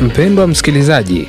Mpendwa msikilizaji,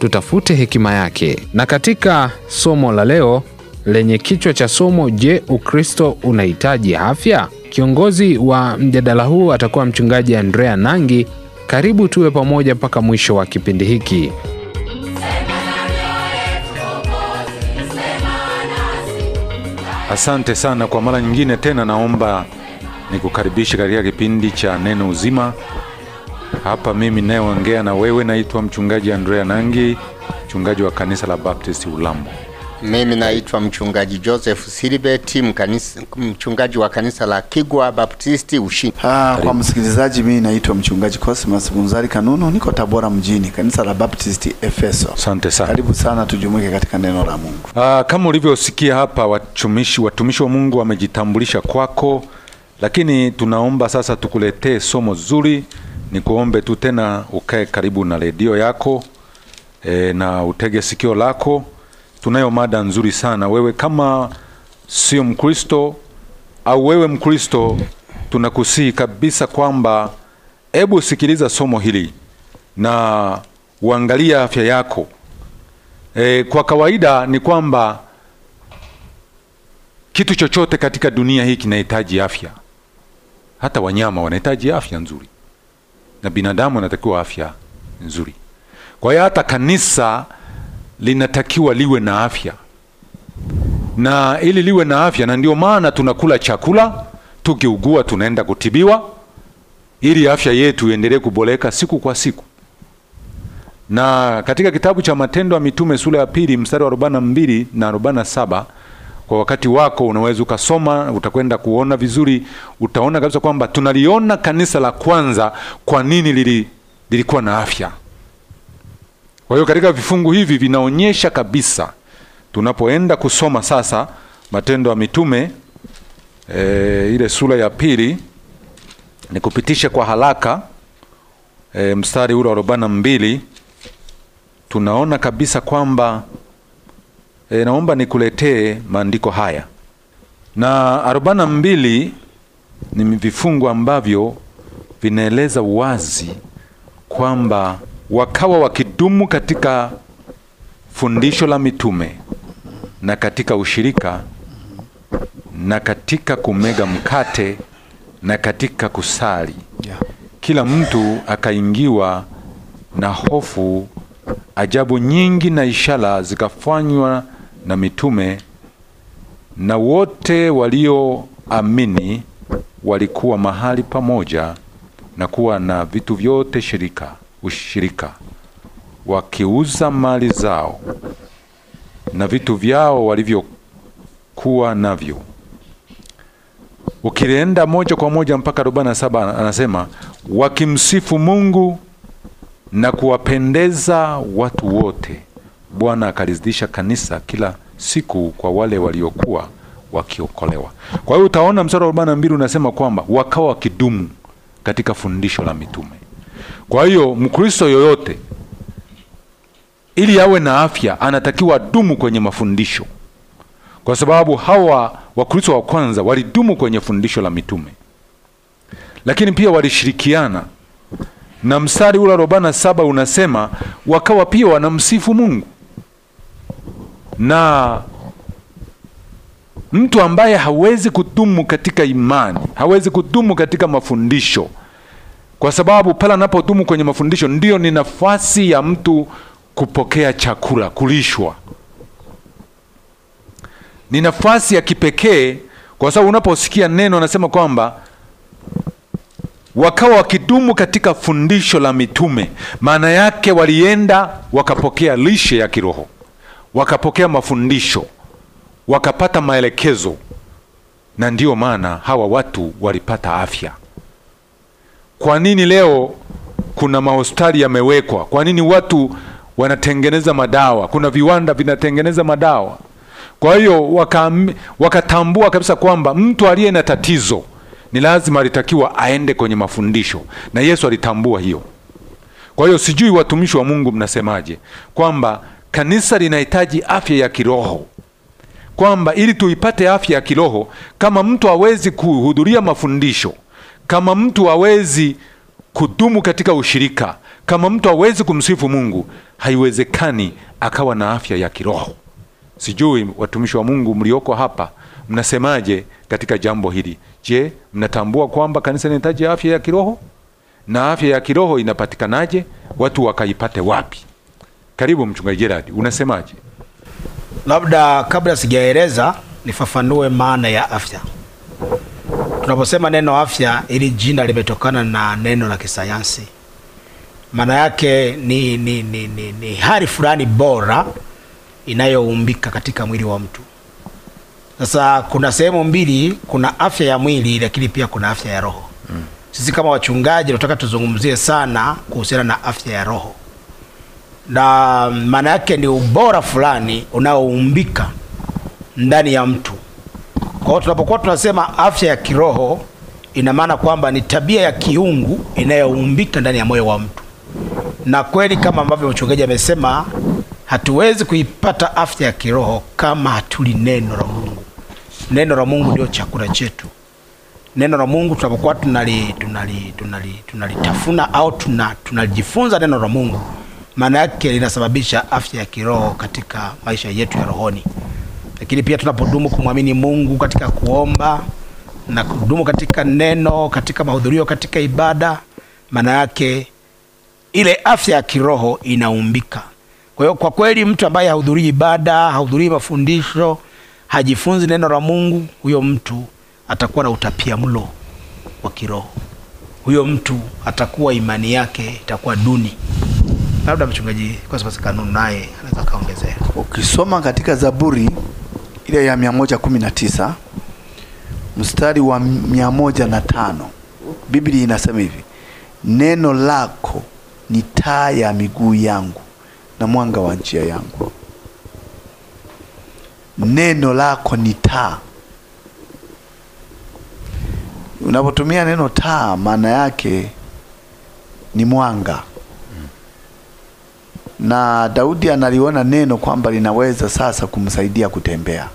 tutafute hekima yake. Na katika somo la leo lenye kichwa cha somo, je, Ukristo unahitaji afya? Kiongozi wa mjadala huu atakuwa mchungaji Andrea Nangi. Karibu tuwe pamoja mpaka mwisho wa kipindi hiki. Asante sana. Kwa mara nyingine tena, naomba nikukaribishe katika kipindi cha Neno Uzima. Hapa mimi nayeongea na wewe naitwa mchungaji Andrea Nangi, mchungaji wa kanisa la Baptist Ulambo. Mimi naitwa mchungaji Joseph Silibeti, mchungaji wa kanisa la Kigwa Baptisti ushini Ah, kwa msikilizaji, mimi naitwa mchungaji Cosmas Bunzari Kanunu, niko Tabora mjini, kanisa la Baptisti Efeso. Asante sana, karibu sana, tujumuike katika neno la Mungu. Ah, kama ulivyosikia hapa, watumishi watumishi wa Mungu wamejitambulisha kwako, lakini tunaomba sasa tukuletee somo zuri nikuombe tu tena ukae karibu na redio yako e, na utege sikio lako. Tunayo mada nzuri sana. Wewe kama sio Mkristo au wewe Mkristo, tunakusihi kabisa kwamba hebu sikiliza somo hili na uangalia afya yako. E, kwa kawaida ni kwamba kitu chochote katika dunia hii kinahitaji afya. Hata wanyama wanahitaji afya nzuri na binadamu anatakiwa afya nzuri. Kwa hiyo hata kanisa linatakiwa liwe na afya, na ili liwe na afya, na ndio maana tunakula chakula, tukiugua tunaenda kutibiwa, ili afya yetu iendelee kuboleka siku kwa siku. Na katika kitabu cha Matendo ya Mitume sura ya pili mstari wa arobaini na mbili na arobaini na saba kwa wakati wako unaweza ukasoma, utakwenda kuona vizuri, utaona kabisa kwamba tunaliona kanisa la kwanza kwa nini lili, lilikuwa na afya. Kwa hiyo katika vifungu hivi vinaonyesha kabisa, tunapoenda kusoma sasa Matendo ya Mitume e, ile sura ya pili, nikupitishe kwa haraka e, mstari ule wa arobaini na mbili tunaona kabisa kwamba e, naomba nikuletee maandiko haya na arobaini na mbili ni vifungu ambavyo vinaeleza wazi kwamba wakawa wakidumu katika fundisho la mitume na katika ushirika na katika kumega mkate na katika kusali, kila mtu akaingiwa na hofu. Ajabu nyingi na ishara zikafanywa na mitume na wote walioamini walikuwa mahali pamoja na kuwa na vitu vyote shirika ushirika, wakiuza mali zao na vitu vyao walivyokuwa navyo. Ukienda moja kwa moja mpaka saba anasema wakimsifu Mungu na kuwapendeza watu wote Bwana akalizidisha kanisa kila siku kwa wale waliokuwa wakiokolewa. Kwa hiyo utaona mstari wa arobaini na mbili unasema kwamba wakawa wakidumu katika fundisho la mitume. Kwa hiyo Mkristo yoyote ili awe na afya anatakiwa dumu kwenye mafundisho, kwa sababu hawa Wakristo wa kwanza walidumu kwenye fundisho la mitume, lakini pia walishirikiana na mstari ule arobaini na saba unasema wakawa pia wanamsifu Mungu na mtu ambaye hawezi kudumu katika imani, hawezi kudumu katika mafundisho, kwa sababu pale anapodumu kwenye mafundisho ndiyo ni nafasi ya mtu kupokea chakula, kulishwa. Ni nafasi ya kipekee, kwa sababu unaposikia neno anasema kwamba wakawa wakidumu katika fundisho la mitume, maana yake walienda wakapokea lishe ya kiroho wakapokea mafundisho, wakapata maelekezo, na ndiyo maana hawa watu walipata afya. Kwa nini leo kuna mahospitali yamewekwa? Kwa nini watu wanatengeneza madawa? Kuna viwanda vinatengeneza madawa. Kwa hiyo wakatambua waka kabisa kwamba mtu aliye na tatizo ni lazima alitakiwa aende kwenye mafundisho, na Yesu alitambua hiyo. Kwa hiyo sijui watumishi wa Mungu mnasemaje kwamba Kanisa linahitaji afya ya kiroho, kwamba ili tuipate afya ya kiroho, kama mtu hawezi kuhudhuria mafundisho, kama mtu hawezi kudumu katika ushirika, kama mtu hawezi kumsifu Mungu, haiwezekani akawa na afya ya kiroho. Sijui watumishi wa Mungu mlioko hapa mnasemaje katika jambo hili? Je, mnatambua kwamba kanisa linahitaji afya ya kiroho? Na afya ya kiroho inapatikanaje? Watu wakaipate wapi? Karibu mchungaji Gerard, unasemaje? Labda kabla sijaeleza nifafanue maana ya afya. Tunaposema neno afya, ili jina limetokana na neno la kisayansi. Maana yake ni, ni, ni, ni, ni hali fulani bora inayoumbika katika mwili wa mtu. Sasa kuna sehemu mbili, kuna afya ya mwili lakini pia kuna afya ya roho. Mm. Sisi kama wachungaji tunataka tuzungumzie sana kuhusiana na afya ya roho na maana yake ni ubora fulani unaoumbika ndani ya mtu. Kwa hiyo tunapokuwa tunasema afya ya kiroho, ina maana kwamba ni tabia ya kiungu inayoumbika ndani ya moyo wa mtu, na kweli kama ambavyo mchungaji amesema, hatuwezi kuipata afya ya kiroho kama hatuli neno la Mungu. Neno la Mungu ndio chakula chetu. Neno la Mungu tunapokuwa tunali tunali tunali tunalitafuna au tunajifunza tunali, neno la Mungu maana yake linasababisha afya ya kiroho katika maisha yetu ya rohoni. Lakini pia tunapodumu kumwamini Mungu katika kuomba na kudumu katika neno, katika mahudhurio, katika ibada, maana yake ile afya ya kiroho inaumbika. Kwa hiyo kwa kweli, mtu ambaye hahudhurii ibada, hahudhurii mafundisho, hajifunzi neno la Mungu, huyo mtu atakuwa na utapia mlo wa kiroho. Huyo mtu atakuwa, imani yake itakuwa duni labda mchungaji, kwa sababu kanuni naye anaweza kaongezea. Ukisoma katika Zaburi ile ya mia moja kumi na tisa mstari wa mia moja na tano Biblia inasema hivi, neno lako ni taa ya miguu yangu na mwanga wa njia yangu. Neno lako ni taa. Unapotumia neno taa, maana yake ni mwanga na Daudi analiona neno kwamba linaweza sasa kumsaidia kutembea.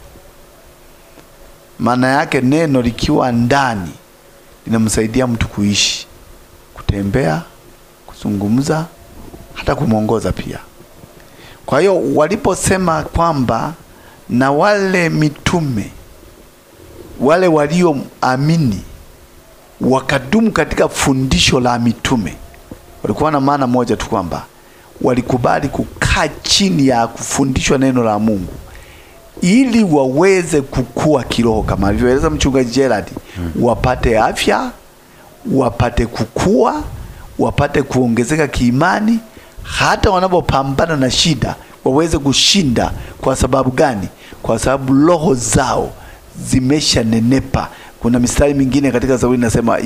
Maana yake neno likiwa ndani linamsaidia mtu kuishi, kutembea, kuzungumza, hata kumwongoza pia. Kwa hiyo waliposema kwamba na wale mitume wale walioamini wakadumu katika fundisho la mitume, walikuwa na maana moja tu kwamba walikubali kukaa chini ya kufundishwa neno la Mungu ili waweze kukua kiroho kama alivyoeleza mchungaji Gerard, hmm. wapate afya, wapate kukua, wapate kuongezeka kiimani, hata wanapopambana na shida waweze kushinda. Kwa sababu gani? Kwa sababu roho zao zimeshanenepa. Kuna mistari mingine katika Zaburi inasema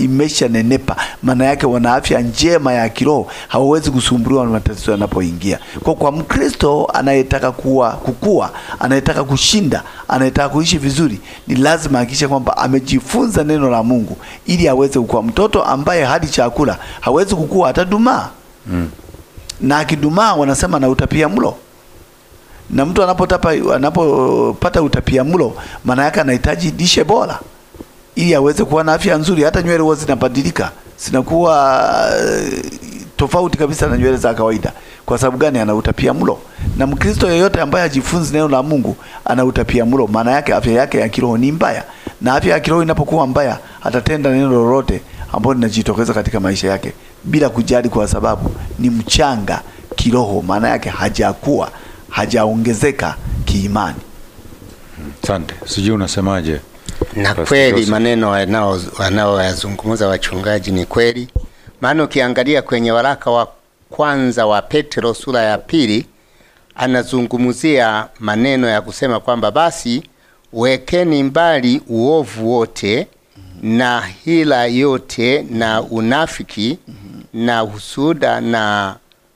nenepa maana yake wana afya njema ya kiroho, hawawezi kusumbuliwa na matatizo yanapoingia. Kwa kwa Mkristo anayetaka kuwa kukua, anayetaka kushinda, anayetaka kuishi vizuri, ni lazima hakikishe kwamba amejifunza neno la Mungu ili aweze kukua. Mtoto ambaye hadi chakula hawezi kukua, atadumaa mm. na akidumaa, wanasema na utapia mlo na mtu anapotapa anapopata utapia mlo, maana yake anahitaji lishe bora ili aweze kuwa na afya nzuri. Hata nywele huwa zinabadilika, zinakuwa eh, tofauti kabisa na nywele za kawaida. Kwa sababu gani? Ana utapia mlo, na Mkristo yeyote ambaye hajifunzi neno la Mungu ana utapia mlo. Maana yake afya yake ya kiroho ni mbaya, na afya ya kiroho inapokuwa mbaya, atatenda neno lolote ambalo linajitokeza katika maisha yake bila kujali, kwa sababu ni mchanga kiroho. Maana yake hajakuwa, hajaongezeka kiimani. Asante, sijui unasemaje? na kweli maneno wanaoyazungumza wachungaji ni kweli, maana ukiangalia kwenye waraka wa kwanza wa Petro sura ya pili anazungumzia maneno ya kusema kwamba basi wekeni mbali uovu wote na hila yote na unafiki na husuda na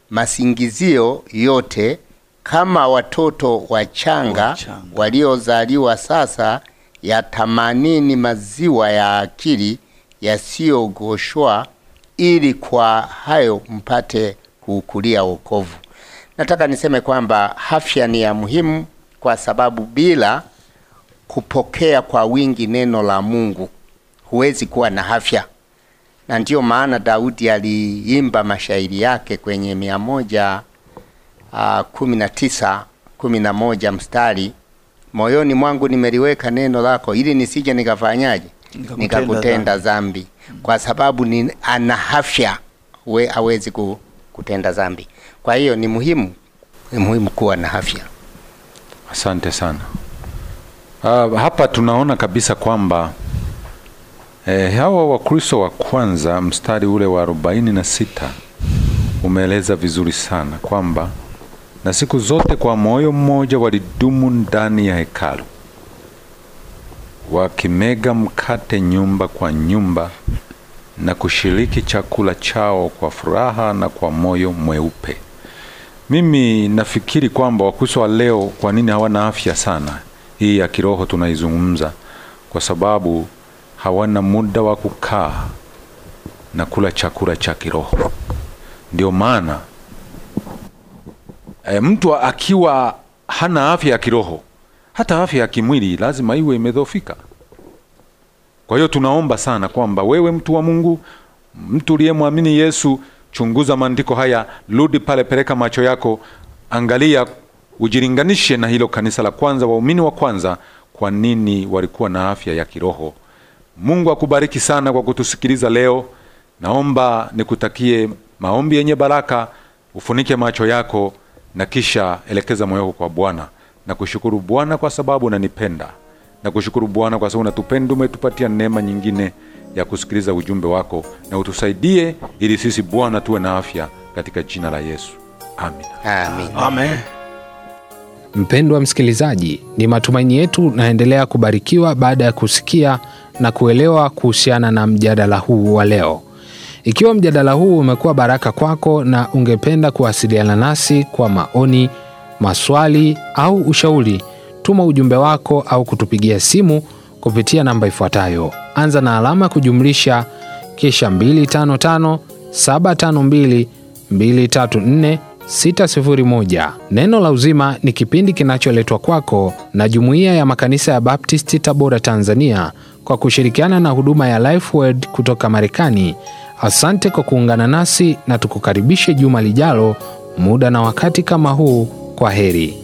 masingizio yote, kama watoto wachanga waliozaliwa sasa ya tamanini maziwa ya akili yasiyogoshwa, ili kwa hayo mpate kuukulia wokovu. Nataka niseme kwamba afya ni ya muhimu, kwa sababu bila kupokea kwa wingi neno la Mungu huwezi kuwa na afya, na ndiyo maana Daudi aliimba mashairi yake kwenye mia moja ah, kumi na tisa kumi na moja mstari moyoni mwangu nimeliweka neno lako, ili nisije nikafanyaje, nikakutenda dhambi, kwa sababu ni ana afya we hawezi ku, kutenda dhambi. Kwa hiyo ni muhimu, ni muhimu kuwa na afya. Asante sana. Uh, hapa tunaona kabisa kwamba eh, hawa Wakristo wa kwanza mstari ule wa arobaini na sita umeeleza vizuri sana kwamba na siku zote kwa moyo mmoja walidumu ndani ya hekalu, wakimega mkate nyumba kwa nyumba na kushiriki chakula chao kwa furaha na kwa moyo mweupe. Mimi nafikiri kwamba Wakristo wa leo, kwa nini hawana afya sana hii ya kiroho tunaizungumza? Kwa sababu hawana muda wa kukaa na kula chakula cha kiroho, ndio maana e, mtu akiwa hana afya ya kiroho, hata afya ya kimwili lazima iwe imedhofika. Kwa hiyo tunaomba sana kwamba wewe mtu wa Mungu, mtu uliyemwamini Yesu, chunguza maandiko haya, rudi pale, peleka macho yako, angalia, ujilinganishe na hilo kanisa la kwanza, waumini wa kwanza, kwa nini walikuwa na afya ya kiroho? Mungu akubariki sana kwa kutusikiliza leo. Naomba nikutakie maombi yenye baraka, ufunike macho yako na kisha elekeza moyo wako kwa Bwana na kushukuru Bwana kwa sababu unanipenda na kushukuru Bwana kwa sababu unatupenda, umetupatia neema nyingine ya kusikiliza ujumbe wako, na utusaidie ili sisi Bwana tuwe na afya katika jina la Yesu, amin. Amen. Amen. Mpendwa msikilizaji, ni matumaini yetu naendelea kubarikiwa baada ya kusikia na kuelewa kuhusiana na mjadala huu wa leo. Ikiwa mjadala huu umekuwa baraka kwako na ungependa kuwasiliana nasi kwa maoni, maswali au ushauri, tuma ujumbe wako au kutupigia simu kupitia namba ifuatayo: anza na alama kujumlisha kisha 255 Neno la Uzima ni kipindi kinacholetwa kwako na Jumuiya ya Makanisa ya Baptisti Tabora, Tanzania, kwa kushirikiana na huduma ya Lifeword kutoka Marekani Asante kwa kuungana nasi na tukukaribishe juma lijalo, muda na wakati kama huu. Kwa heri.